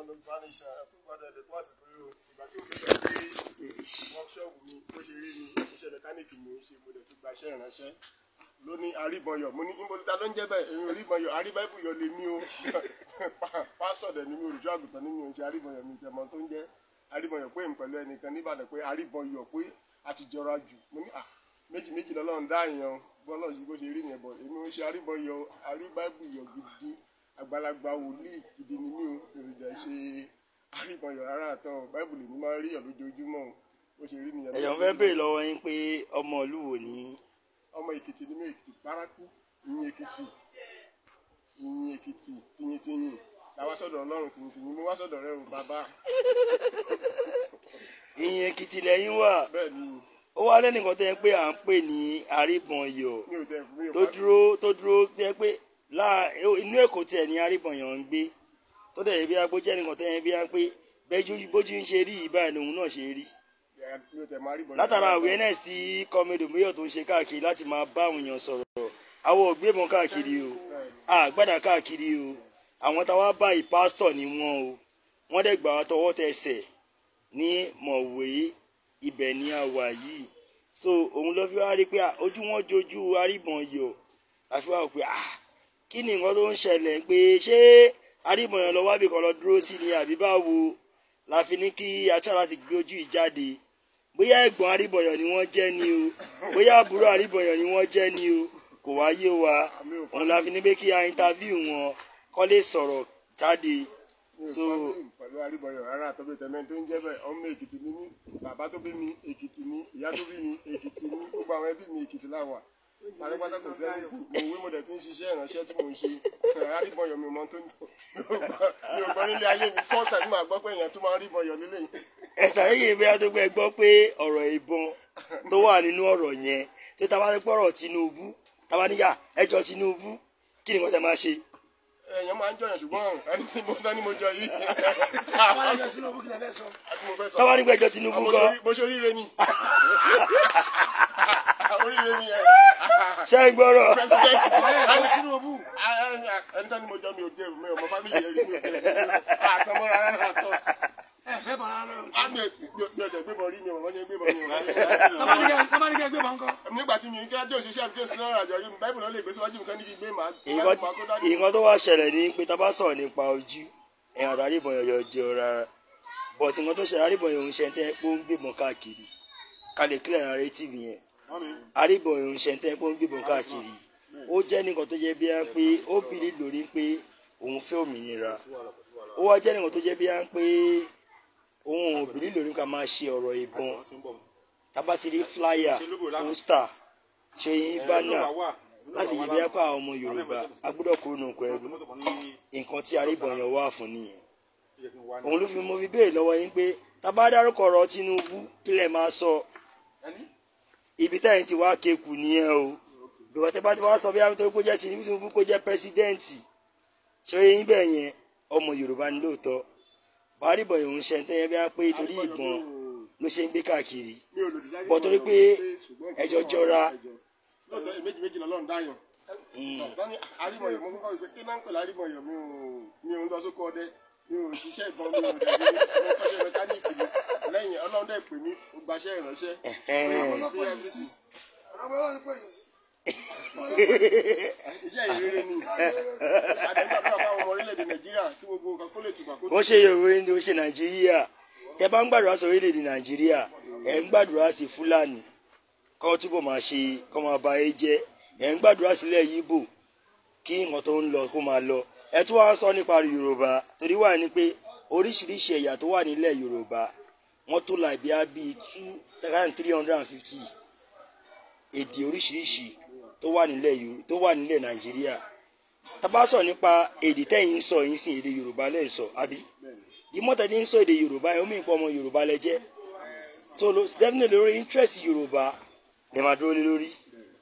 ọmọ olùbánisà gbọ́dọ̀ ẹ̀dẹ̀ tó àsìkò yóò ìgbà tí mo fẹ́ lọ sí wọ́ọ̀ṣọ́ọ̀bù mi bó ṣe rí ni iṣẹ́ mẹkáníìkì mo ń ṣe mo dẹ̀ tún gba iṣẹ́ ìránṣẹ́ lóní àríbọyọ̀ mo ní ìmọ̀lúta ló ń jẹ́ bẹ́ẹ̀ èmi òríbọyọ̀ àríbáìbùyọ̀ lè mí o pásọ̀dẹ̀ ni mi olùjọ́ àgùntàn ní mi ò ń ṣe àríbọyọ̀ mi jẹmọ tó ń jẹ́ àríbọyọ̀ pé pẹ̀lú ẹnìkan níbàdàn pé àríbọyọ̀ pé àtijọ́ra jù mo ní à méjì méjì lọ́lọ́run dá èèyàn bọ́lọ́ yìí bó ṣe rí yẹn bọ̀ èmi ò ń ṣe àríbọyọ̀ àríbáìbùyọ̀ gidi àgbàlagbà wòlíì gidi ni mí o èròjà ṣe àríkànyọ̀ rárá àtọ̀ báìbùlù mi máa ń rí ọ̀lú ojoojúmọ́ o ṣe rí nìyẹn. ẹ̀yọ̀ fẹ́ bèèrè lọ́wọ́ yín pé ọmọ ìlú wo ni. ọmọ èkìtì ni mí èkìtì paraku ìyìn èkìtì ìyìn èkìtì tiyintiyin làwa sọ̀dọ̀ ọlọ́run tiyintiyin mo wá sọ̀dọ̀ rẹ o bàbá. ìyìn èkìtì lẹ́yìn wà. ó wá lẹ́nìkan tó yẹ pé à ń pè ní àríkànyọ̀ tó dúró tó dúró tó yẹ pé inú èkó tiẹ̀ ní aríbọ̀nyàn ń gbé tó dẹ̀ yẹ bí agbó jẹ́ nìkan tẹ́yẹ bí wọ́n pé bẹ́jú bójú ń ṣe rí yìí báyìí lòun náà ṣe rí. látara awareness tí kọ́mẹ́dù mẹ́yọ̀ tó ń ṣe káàkiri láti máa bá àwọn èèyàn sọ̀rọ̀ àwọn ògbébọn káàkiri o àgbàdà káàkiri o àwọn táwa báyìí pásítọ̀ ni wọ́n o wọ́n dẹ̀ gbà tọwọ́ tẹsẹ̀ ní mọ̀wé ibẹ̀ ni a wà yìí so òun ló fi wá rí pé ojú wọn jojú aríbọn yọ àfi wá rò pé ah kí ni nǹkan tó ń ṣẹlẹ̀ pé ṣé arímọ̀yàn lọ wábì kan lọ dúró sí ni àbí báwo la fi ní kí aṣọ láti gbé ojú yìí jáde bóyá ẹ̀gbọ́n aríbọ̀yàn ni wọ́n jẹ́ ni o bóyá àbúrò aríbọ̀yàn ni wọ́n jẹ́ ni o kò wáyé wa òun la fi ní pé kí a interview wọn kọ́ lè sọ̀rọ̀ jáde so pẹ̀lú aríbọyọ̀ rárá tó bí tẹ̀mẹ́ tó ń jẹ́ bẹ́ẹ̀ ọmọ èkìtì ni mí bàbá tó bí mi èkìtì ni ìyá tó bí mi èkìtì ni gbogbo àwọn ẹbí mi èkìtì láwà pátápátá kò fẹ́ lè fún owó mo dẹ̀ tún ṣiṣẹ́ ìránṣẹ́ tí mò ń ṣe aríbọyọ̀ mi ò mọ tó ń mi ò gbọ́ nílé ayé mi fọ́ọ̀sà tí màá gbọ́ pé èèyàn tó máa ń ríbọyọ̀ nílé yìí. ẹ̀sà yìí bí tó gbẹ gbọ́ pé ọ̀rọ̀ ìbọn tó wà nínú ọ̀rọ̀ yẹn tó tá ti pọ̀rọ̀ Tinubu tá níyà ẹjọ́ Tinubu kí ni wọ́n ti máa ṣe. èèyàn máa ń jọyàn ṣùgbọ́n ẹni tí mo tán ni mo jọ yìí. oríire ni ń gbọ́rọ̀. pẹsidẹnti tó wá ṣẹlẹ̀ ni pé tá sọ̀rọ̀ nípa ojú ẹ̀yàn àdárí ìbọn yọ̀yọ̀ jẹ́ ọ̀rá bọ̀t tó ṣẹlẹ̀ àdárí ìbọn ń ṣe ó ń gbébọn káàkiri ká kílẹ̀ ara rẹ̀ tì mí yẹn àríbọ̀ ìrìnsẹ̀ntẹ́ kó ń gbébọn káàkiri ó jẹ́ nìkan tó jẹ́ bí wọ́n pé ó bìrì lórí pé òun fẹ́ òmìnira ó wá jẹ́ nìkan tó jẹ́ bí wọ́n pé òun ò bìrì lórí ká máa ṣe ọ̀rọ̀ ìbọn tábà ti rí flyer poster ṣe yín bánà láti yí bí wọ́n pé àwọn ọmọ Yorùbá agbọ́dọ̀ kúrò nù pẹ̀lú nǹkan tí àríbọ̀ yẹn wà fún nìyẹn òun ló fi mo fi béèrè lọ́wọ́ yín pé tábà ọ̀rọ̀ Tinubu kílẹ̀ máa sọ ibi táyìn ti wá kéku nìyẹn o bìkọ́ tẹ́ bá ti wá sọ bí àwọn tó kó jẹ́ Tinubu kó jẹ́ pẹ́sidẹ́ǹtì ṣé yín bẹ́ẹ̀ yẹn ọmọ Yorùbá ni lóòótọ́ bárìbọ̀ ìhun ṣe tẹ́ yẹn bí wọ́n pé torí ìbọn ló ṣe ń gbé káàkiri bọ́ torí pé ẹjọ́ jọra. lọ́sọ̀ èméjì méjì lọ́lọ́run dáyọ̀. kí náà ń pè lárímọ̀yọ̀ mi ò mi ò ń lọ sóko ọdẹ mi ò ṣiṣẹ́ ìbọn mi ò dẹ̀ bí mo tọ́jú mẹkáníìkì mi lẹ́yìn ọlọ́run dẹ̀ pè mí ó gbaṣẹ́ ìránṣẹ́ iṣẹ́ ìrere ni àdéhùn àwọn ọmọ orílẹ̀-èdè nàìjíríà tí gbogbo nǹkan kó lè tùbà kó. wọ́n ṣe yorùbá ni ṣe nàìjíríà bá ń gbàdúrà sọ orílẹ̀-èdè nàìjíríà ẹ̀ ń gbàdúrà sí fúlàní kọ́ túbọ̀ máa ṣe ẹ tún wá sọ nípa yorùbá torí wà ní pé oríṣiríṣi ẹ̀yà tó wà nílẹ̀ yorùbá wọ́n tó la ìbí abí two thousand three hundred and fifty èdè oríṣiríṣi tó wà nílẹ̀ tó wà nílẹ̀ nàìjíríà tábà sọ nípa èdè tẹ́yìn sọ yìí sìn èdè yorùbá lẹ́yìn sọ àbí ìmọ̀tẹ́ni ń sọ èdè yorùbá ẹ̀ omi ìpọ̀ ọmọ yorùbá lẹ jẹ́ tó lo definitely lórí interest yorùbá lè máa dúró lé lórí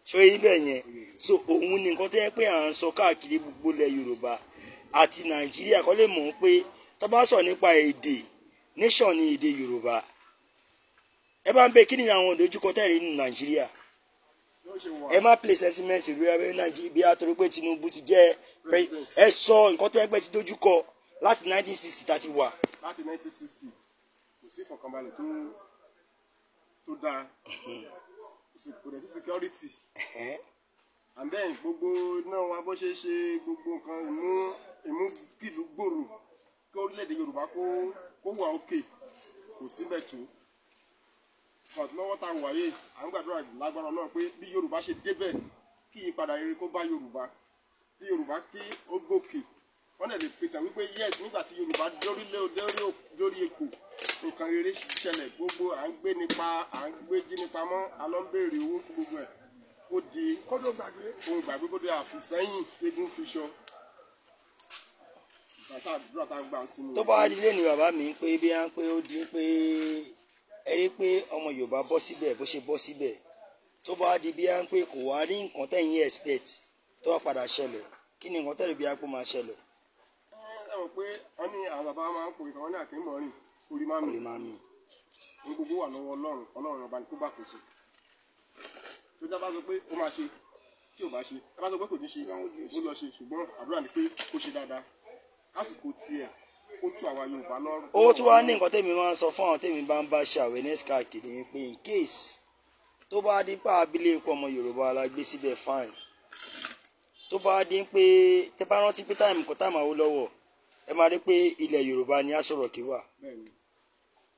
ṣó yẹ ibẹ̀ yẹn so òun ni nǹkan tẹ́ pé à ń sọ káàkiri gbogbo lẹ̀ yorùbá àti nàìjíríà kọ́ lè mọ̀ pé tá nípa èdè nation ni èdè yorùbá ẹ bá ń bẹ kí ni àwọn tẹ̀lé nàìjíríà ẹ má play sentiment rí abẹ́ nàìjíríà bí tinubu ti jẹ́ ẹ sọ nǹkan tó ti dojúkọ láti 1960 tá ti wà. 1960 kò sí tó tó dáa kò dẹ̀ sí security and then gbogbo náà bó orílẹ̀-èdè yorùbá kó kó wà òkè kò síbẹ̀ tó lọ́wọ́ tá a wà yìí à ń gbàdúrà lágbára ọlọ́run pé bí yorùbá ṣe débẹ̀ kí ìyípadà rere kó bá yorùbá bí yorùbá kí ó gòkè wọ́n lè pété wípé yes nígbà tí yorùbá dórí lórí èkó nǹkan rere ṣẹlẹ̀ gbogbo à ń gbé nípa à ń gbé jí nípa mọ́ alọ́ ń béèrè owó fún gbogbo ẹ̀ ó di ohun gbàgbé kó dé àfìsẹ́yìn eégún fi ṣọ tó bá wá dilé ni bàbá mi pé bí wọ́n pé ó di pé ẹ rí pé ọmọ Yorùbá bọ́ síbẹ̀ bó ṣe bọ́ síbẹ̀ tó bá wá di bí wọ́n pé kò wá rí nǹkan tẹ̀yìn expect tó wá padà ṣẹlẹ̀ kí ni nǹkan tẹ̀lé bí wọ́n pé máa ṣẹlẹ̀. ẹ rò pé wọn ní àwọn bàbá máa ń pòrí kan wọn ní àkínmọ́rin orí máa ń mì ní gbogbo wà lọ́wọ́ Ọlọ́run Ọlọ́run ọba ní kó bá kò sí tó dábàá sọ pé ó máa ṣe tí ò bá ṣe dábàá sọ pé kò ní ṣe ó lọ ṣe ṣùgbọ́n àdúrà ni pé kó ṣe dáadáa lásìkò tiẹ̀ ó tú àwa Yorùbá lọ́rùn. ó tún wá ní nǹkan tèmi máa ń sọ fún àwọn tèmi bá ń bá ṣe awareness káàkiri ni pé in case tó bá dín pé abilékọ ọmọ Yorùbá la gbé síbẹ̀ fine tó bá dín pé tẹ bá rántí pé táìmù kan táìmù àwọn lọ́wọ́ ẹ máa rí pé ilẹ̀ Yorùbá ni aṣọ̀rọ̀ kí wà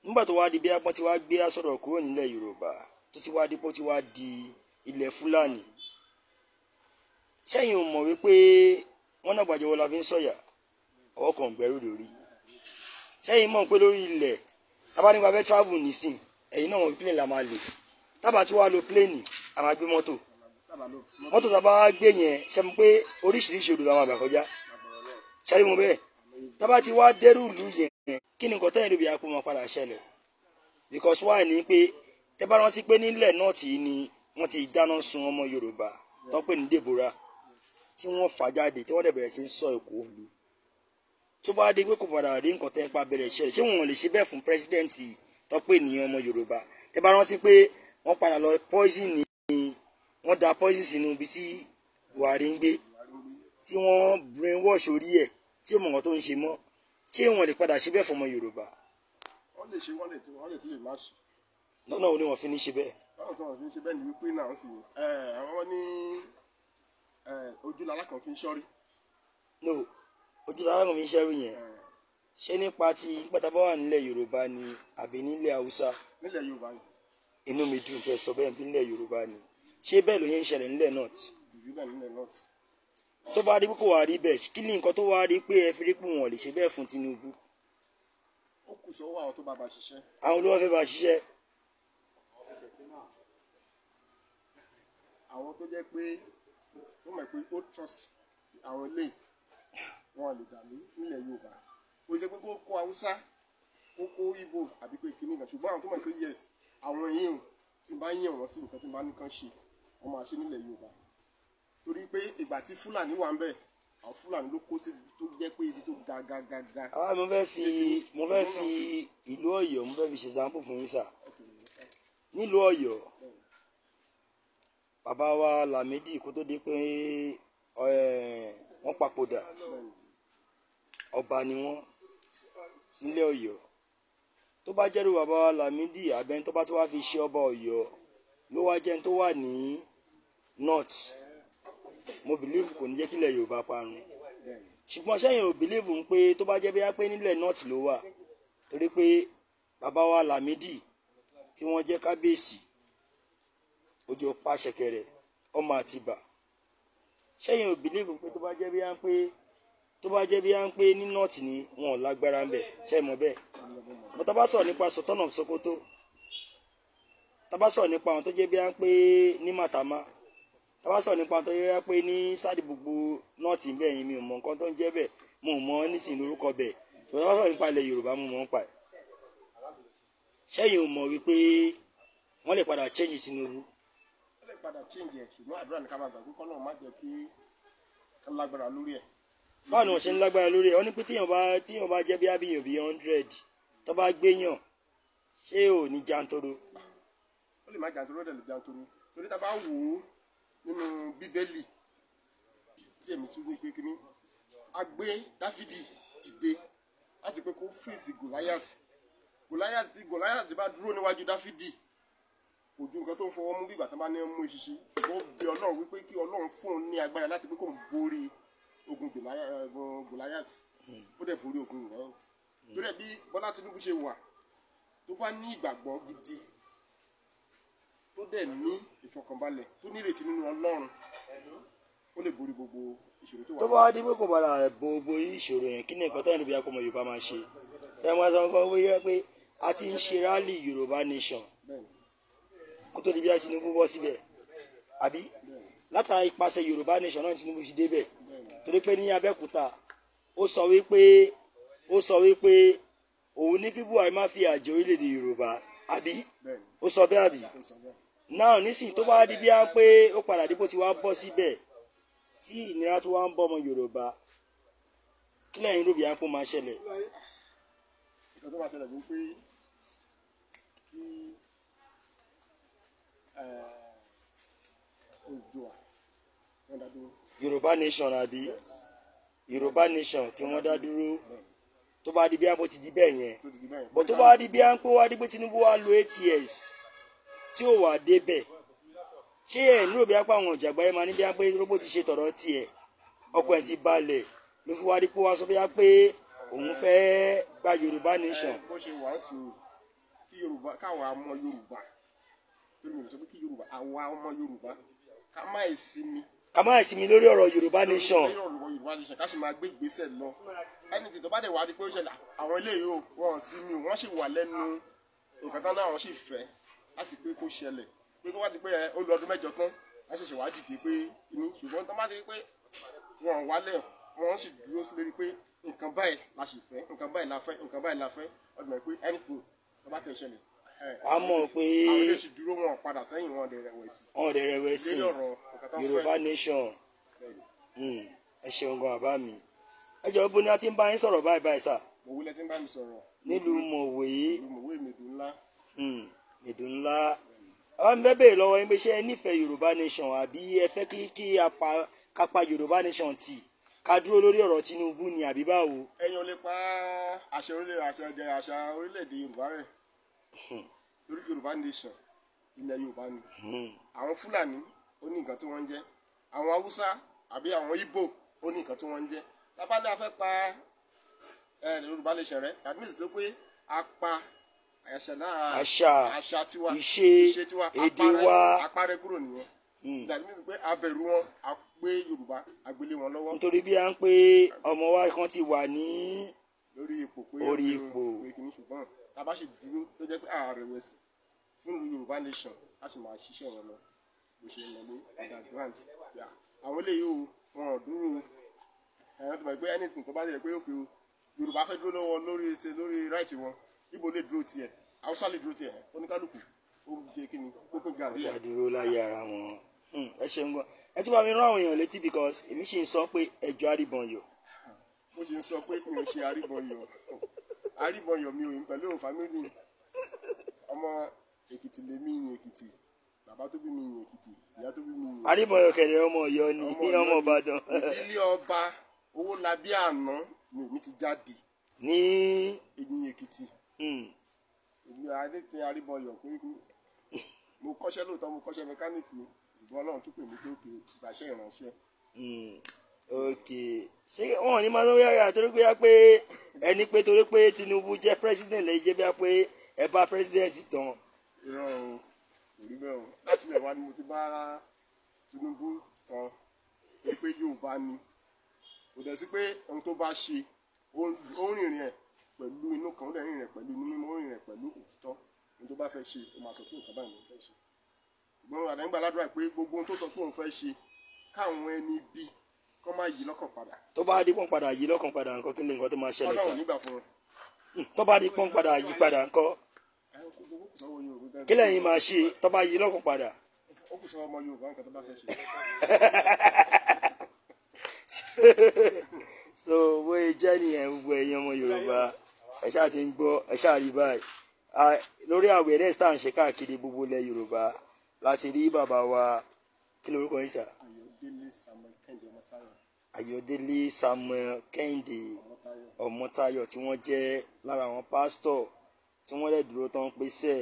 nígbà tó wá di bí apọ́n ti wá gbé aṣọ̀rọ̀ kúrò nílẹ̀ Yorùbá tó ti wá di pọ́ ti wá di ilẹ̀ Fúlàní sẹ́yìn ò mọ̀ wípé wọ́n náà gbàjọwọ́ la fi ń sọ̀yà ọwọ́ kan gbẹ́rù lórí sẹ́yìn mọ̀ pé lórí ilẹ̀ tábánigba fẹ́ travel nìsín ẹ̀yìn náà wọ́n plane la máa lò tábà tí wàá lo plane a máa gbé mọ́tò mọ́tò tábà gbé yẹn sẹ́mu pé oríṣiríṣi odò la máa gbà kọjá sẹ́yìn mo bẹ́ẹ̀ tábà tí wàá dẹ́rù ìlú yẹn kí ni nǹkan tẹ́yìn lóbi àpò máa padà ṣẹlẹ̀ because why ni pé tẹ́ bá rántí pé nílẹ̀ náà tì í ni wọ́n ti dáná sun ọmọ Yorùbá tó pè ní Deborah tí wọ́n fà jáde tí wọ́n dẹ̀ bẹ̀rẹ̀ sí í sọ Èkó lu tó bá dé pé kò padà rí nǹkan tẹ́ pa bẹ̀rẹ̀ ṣẹlẹ̀ ṣé wọn lè ṣe bẹ́ẹ̀ fún pírẹsidẹ́ǹtì tọ́pẹ́ ní ọmọ Yorùbá tẹ́ bá rántí pé wọ́n padà lọ poison ní wọ́n da poison sínú ibi tí Buhari ń gbé tí wọ́n brainwash orí ẹ̀ tí ó mọ̀ nǹkan tó ń ṣe mọ́ ṣé wọn lè padà ṣe bẹ́ẹ̀ fún ọmọ Yorùbá. wọ́n lè ṣe wọ́n lè tún wọ́n lè tún lè má ṣe. lọ́nà wo ni wọ́n fi ní ṣe bẹ́ẹ̀. báwo ni wọ́n fi ní ṣe bẹ́ẹ̀ ni wípé náà sì àwọn ní ojú lálákàn fi ń ṣọ́rí. no ojú táwọn mi ṣẹ́rù yẹn ṣé nípa ti pátábọ́ wà nílẹ̀ yorùbá ni àbí nílẹ̀ haúsá nílẹ̀ yorùbá ni inú mi dùn pé sọ bẹ́ẹ̀ nílẹ̀ yorùbá ni ṣé bẹ́ẹ̀ ló yẹn ń ṣẹlẹ̀ nílẹ̀ north tó bá rí pé kò wá rí bẹ́ẹ̀ kí ni nǹkan tó wá rí pé ẹ fi rí pé lè ṣe bẹ́ẹ̀ fún Tinubu. ó kù sọ́wọ́ àwọn tó bá bá ṣiṣẹ́. àwọn olówó fẹ́ bá ṣiṣẹ́. àwọn tó jẹ́ pé wọ́n mọ̀ pé ó trust àwọn eléyìí wọn lè gbà mí nílẹ̀ yorùbá ó jẹ́ pé kó kó haúsá kó kó ibo àbí pé kíní kan ṣùgbọ́n àwọn tó mọ̀ pé yes àwọn yìí tí bá yàn wọ́n sí nǹkan tí bá nìkan ṣe wọ́n máa ṣe nílẹ̀ yorùbá torí pé ìgbà tí fúlàní wà ń bẹ̀ àwọn fúlàní ló kó sí tó jẹ́ pé ibi tó ga ga ga ga. àwa ah, mo fẹ́ fi mo fẹ́ fi ìlú ọ̀yọ́ mo fẹ́ fi ṣe sampo fún yín sà nílùú ọ̀yọ́ bàbá wa Lámídì kó tó di pé eh, wọ́n papòdà ọba ni wọ́n nílẹ̀ ọ̀yọ́ tó bá jẹ́rú bàbá wa Lámídì abẹ́ni tó bá tó wá fi ṣe ọba ọ̀yọ́ ló wá jẹ́ tó wà ní north mo believe kò ní jẹ́ kílẹ̀ yorùbá parun ṣùgbọ́n sẹ́yìn ò believe ń pé tó bá jẹ́ bí wá pé nílẹ̀ north ló wà torí pé bàbá wa Lámídì tí wọ́n jẹ́ kábíyèsí ojú pàṣẹkẹrẹ ọmọ àtìbà sẹ́yìn ò believe ń pé tó bá jẹ́ bí wá pé tó bá jẹ́ bí à ń pé ní north ni wọn ò lágbára ń bẹ̀ ṣe mọ̀ bẹ́ẹ̀ mo tá bá sọ̀rọ̀ nípa Sultan of Sokoto tá bá sọ̀rọ̀ nípa àwọn tó jẹ́ bí à ń pé ní Matama tá bá sọ̀rọ̀ nípa àwọn tó jẹ́ pé ní sáàdì gbogbo north bẹ́ẹ̀ yìí mi ò mọ nǹkan tó ń jẹ́ bẹ́ẹ̀ mo mọ̀ nísìnyí lórúkọ bẹ́ẹ̀ tó tá sọ̀rọ̀ nípa ilẹ̀ Yorùbá mo mọ̀ ń pa ẹ̀ sẹ́yìn ò mọ̀ wípé wọ́n lè padà change Tinubu. wọ́n lè padà change ẹ̀ ṣùgbọ́n àdúrà ní ká báwo ni wọ́n ń lágbára lórí ẹ̀ ọ ní pé tíyàn bá tíyàn bá jẹ́ bí abiyàn bíi hundred tó bá gbéyàn ṣé ò ní jantoro. ó lè má jantoro ó lè jantoro torí tá bá wò ó nínú bíbélì tí èmi tún ní kíní a gbé dáfídì dìde láti pé kó fèsì gòláyàtì gòláyàtì tí gòláyàtì bá dúró níwájú dáfídì kò nǹkan tó ń fọwọ́ mú bí ìgbà tó bá ní mú ìṣiṣi ṣùgbọ́n bí ọlọ́run wípé kí ọlọ́run fún un ní agbára láti pé kó ń borí Eh, ogun Goliath ó dẹ̀ borí ogun Goliath torí ẹ̀ bí Bọ́lá Tinubu ṣe wà tó bá ní ìgbàgbọ́ gidi tó dẹ̀ ní ìfọkànbalẹ̀ tó ní ìrètí nínú Ọlọ́run ó lè borí gbogbo ìṣòro tó wà. tó bá wá dé pé kò padà bo borí ìṣòro yẹn kí ni nǹkan táwọn olùbíyà ọmọ Yorùbá máa ṣe ẹ máa sọ nǹkan wíyá pé a ti ń ṣe rálì Yorùbá nation kó tó di bí a Tinubu bọ́ síbẹ̀ àbí látara ipasẹ̀ Yorùbá nation náà Tinubu ti débẹ̀ torí pé ní Abẹ́òkúta ó sọ wípé ó sọ wípé òun ní kí Buhari má fi àjẹ orílẹ̀-èdè Yorùbá àbí ó sọ bẹ́ẹ̀ àbí náà nísìnyí tó bá di bí á ń pé ó padà dípò tí wàá bọ́ síbẹ̀ tí ìnira tó wá ń bọ́ ọmọ Yorùbá kí lẹ́yìn ló bí á ń pò máa ṣẹlẹ̀. ìkan yorùbá nation àbí yorùbá nation kí wọ́n dá dúró tó bá di bí àpò ti di bẹ́ẹ̀ yẹn bó tó bá di bí àpò wá di pé Tinubu wá lo eight years tí ò wá débẹ̀ ṣé ẹ̀ nílò bí àpò àwọn ọ̀jàgbá yẹn máa ní bí àpò robo ti ṣe tọ̀rọ̀ tiẹ̀ ọkọ̀ ẹ̀ ti balẹ̀ ló fi wá di wá sọ bí àpò òun fẹ́ gba yorùbá nation. bó ṣe wàá sí kí yorùbá káwọn ọmọ yorùbá kí yorùbá àwa ọmọ yorùbá ká má ì sinmi ká má sinmi lórí ọ̀rọ̀ yorùbá nation. láti pé kó ṣẹlẹ̀ pé kó wá di pé ó lu ọdún mẹ́jọ tán wọ́n ṣẹ̀ṣẹ̀ wá dìde pé inú ṣùgbọ́n tán bá ti rí pé wọ́n wálẹ̀ wọ́n sì dúró lórí pé nǹkan báyìí la sì fẹ́ nǹkan báyìí la fẹ́ nǹkan báyìí la fẹ́ ọdún mọ̀ pé anything tó bá tẹ̀ ṣẹlẹ̀ wà á mọ̀ pé ọ̀dẹ̀ rẹ̀wẹ̀sì yorùbá nation hmm. ẹ ṣeun gan bàbá mi ẹ jọ bó ni a ti ń bá yín sọ̀rọ̀ báyìí báyìí sà. mòwe lẹ ti ń bá mi sọ̀rọ̀. nílùú mòwe. mòwe mèdùn ńlá. Hmm. mèdùn ńlá. àwọn mi fẹ́ béèrè lọ́wọ́ yín pé ṣé ẹ nífẹ̀ẹ́ yorùbá nation àbí ẹ fẹ́ kí kí a pa yorùbá nation tì ká dúró lórí ọ̀rọ̀ Tinubu ni àbí báwo. ẹ̀yin ò lè pa àṣà orílẹ̀-èdè yorùbá rẹ̀ lórí hmm. yorùbá nation ilẹ̀ yorùbá ni hmm. àwọn fúlàní ó ní nǹkan tí wọ́n ń jẹ́ àwọn haúsá àbí àwọn ìgbò ó ní nǹkan tí wọ́n ń jẹ́ tábàlẹ́ afẹ́ pa yorùbá nation rẹ that means tó pé a pa àṣà àṣà tiwa ìṣe tiwa èdè wa apárẹ́ kúrò nìyẹn hmm. that means pé a bẹ̀rù wọn a gbé yorùbá a gbélé wọn lọ́wọ́. nítorí bí a ń pé ọmọ wa kan ti wà ní orí ipò pé orí ipò pé kì í ṣùgbọ́n tá a bá ṣe dúró tó jẹ́ pé àrẹ̀wẹ̀sì fún Yorùbá nation a sì máa ṣiṣẹ́ yẹn lọ bó ṣe lọ ní underground àwọn eléyìí o wọn ò dúró ẹ̀rọ tó bá gbé anything tó bá lè pé òkè o Yorùbá fẹ́ dúró lọ́wọ́ lórí lórí right wọn Ìgbò lè dúró tiẹ̀ Haúsá lè dúró tiẹ̀ oníkálukú ó ń jẹ kí ni ó pé gàdúrà. ó yà dúró láyé ara wọn hmm, ẹ ṣeun gan ẹ ti bá mi rán àwọn èèyàn létí because èmi ṣì ń sọ pé ẹjọ àríbọn yọ. mo ṣì ń sọ pé mi ò ṣe àríbọn yọ àríbọyọ̀ mi òyìn pẹ̀lú òun fámílì ọmọ èkìtì lèmi ìyìn èkìtì bàbá tó bí mi ìyìn èkìtì ìyá tó bí mi ìyìn. àríbọyọ̀ kẹ̀lẹ́ ọmọ ọ̀yọ́ ni ọmọ ìbàdàn. ìdílé ọba owó labí àná ni èmi ti jáde. ní ìyìn èkìtì. Hmm. èmi adé tẹ àríbọyọ̀ kúrúkú mo kọ́ṣẹ́ lóòótọ́ mo kọ́ṣẹ́ mẹkáníìkì ìbọn ọlọ́run tó pè mí pé ó gbàṣẹ́ ìránṣẹ́. Hmm ok ṣé wọn ò ní máa ń yára torí pé pé ẹni pé torí pé Tinubu jẹ president lẹ́yìn jẹ bí a pé ẹ bá president tán. irọ́ o kò rí bẹ́ẹ̀ o láti lè wá ni mo ti bá Tinubu tán pé Yorùbá ni kò dẹ̀ sí pé ohun tó bá ṣe ó rìnrìn ẹ̀ pẹ̀lú inú kan ó dẹ̀ rìnrìn ẹ̀ pẹ̀lú inú mímọ́ ó rìnrìn ẹ̀ pẹ̀lú òtítọ́ ohun tó bá fẹ́ ṣe ó máa sọ pé nǹkan báyìí ló ń fẹ́ ṣe ṣùgbọ́n àdéhùn gbàdúrà pé gbogbo ohun tó sọ pé òun fẹ́ ṣe káwọn ẹni bíi kọ́ máa yí lọ́kàn padà. tó bá di pọ́n padà yí lọ́kàn padà nǹkan kí ni nǹkan tó máa ṣẹlẹ̀ sí. Hmm, tó bá di pọ́n padà yí padà nǹkan kí lẹ́yìn máa ṣe tó bá yí lọ́kàn padà. ó kù sọ ọmọ Yorùbá nǹkan tó bá fẹ́ ṣe. so bóyá jẹ́ nìyẹn gbogbo ẹ̀yin ọmọ Yorùbá ẹ ṣáà ti ń gbọ́ ẹ ṣáà rí báyìí lórí awareness tá à ń ṣe káàkiri gbogbo ilẹ̀ Yorùbá láti rí bàbá wa kí lorúkọ yín sà. Ayọ̀délé Samuel ayọ̀délé samuel kẹ́hìndé ọmọtayọ tí wọ́n jẹ́ lára àwọn pásítọ̀ tí wọ́n lè dúró tán pé sẹ́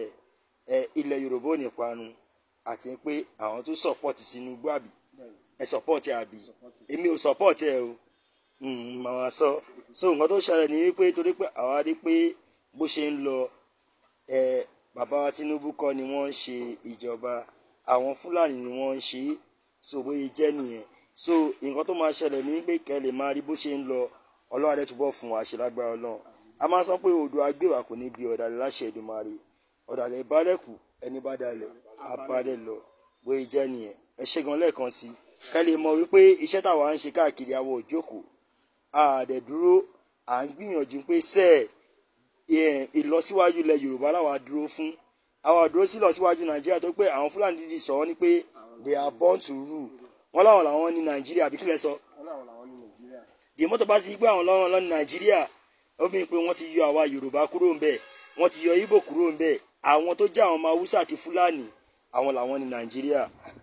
ẹ ilẹ̀ yorùbá ò ní parun àti pé àwọn tó sọ̀pọ̀tì tinubu àbí ẹ sọ̀pọ̀tì àbí èmi ò sọ̀pọ̀tì ẹ o hmm, màmá sọ so nǹkan tó ṣẹlẹ̀ ni wípé torí pé àwa rí pé bó ṣe ń lọ ẹ bàbá tinubu kọ́ ni wọ́n ń ṣe ìjọba àwọn fúlàní ni wọ́n ń ṣe so bóyá jẹ́ nìyẹn so nǹkan tó máa ṣẹlẹ̀ ní pé kẹ́ lè máa rí bó ṣe ń lọ ọlọ́run adé túbọ̀ fún wa ṣe lágbára ọlọ́run a máa sọ pé odò agbèwà kò ní bí ọ̀dàlẹ̀ láṣẹ Èdùmàrè ọ̀dàlẹ̀ ìbálẹ̀kù ẹni bá dalẹ̀ abalẹ̀ lọ bóyá jẹ́ nìyẹn ẹ ṣe gan lẹ́ẹ̀kan sí i kẹ́ lè mọ̀ wípé iṣẹ́ táwa ń ṣe káàkiri àwọn òjókòó àdẹ̀dúró à ń gbìyànjú pé sẹ́ẹ̀ ìlọsíwájú ilẹ̀ Yorùbá làwa dúró fún àwa dúró sí ìlọsíwájú Nàìjíríà tó pé àwọn Fúlàní ti sọ ọ́ ni pé they are born to rule wọ́n láwọn làwọn ní nàìjíríà àbí kílẹ̀ sọ. dèmọ́ tó bá ti gbé àwọn lọ́wọ́ lọ́ní nàìjíríà ó fi hàn pé wọ́n ti yọ àwa yorùbá kúrò ń bẹ̀ wọ́n ti yọ ìgbò kúrò ń bẹ̀ àwọn tó jẹ́ àwọn ọmọ haúsá àti fúlàní àwọn làwọn ní nàìjíríà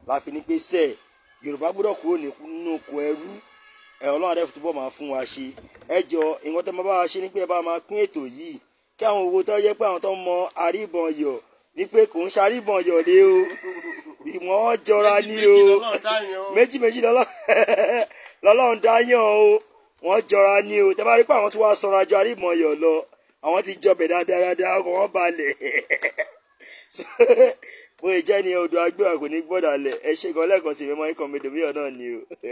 láfi ní pé sẹ́ẹ̀ yorùbá gbọ́dọ̀ kúrò nínú oko ẹrú ẹ ọlọ́run adẹ́fù túbọ̀ máa fún wa ṣe ẹ jọ ìwọ́n tẹ́ máa bá wa ṣe ní bá máa pín ètò yìí kí àwọn owó tó yẹ pé àwọn tó mọ àríbọn yọ̀ wípé kò ń ṣàríbọn yọ̀lẹ́ o ìmọ̀ jọra ní o méjì méjì lọ́lọ́run dáyàn o wọ́n jọra ni o tẹ́ bá rí pé àwọn tí wàá sanra ju àríbọn yọ̀ lọ àwọn ti jọ bẹ̀ dáadáa ọkọ̀ wọn balẹ̀ bó ṣe jẹ́ ni odò agbéwà kò ní gbọ́dọ̀ lẹ̀ ẹ ṣe gan lẹ́ẹ̀kan sí mímọ́ ikọ̀ mi dòmíyàn náà ni o.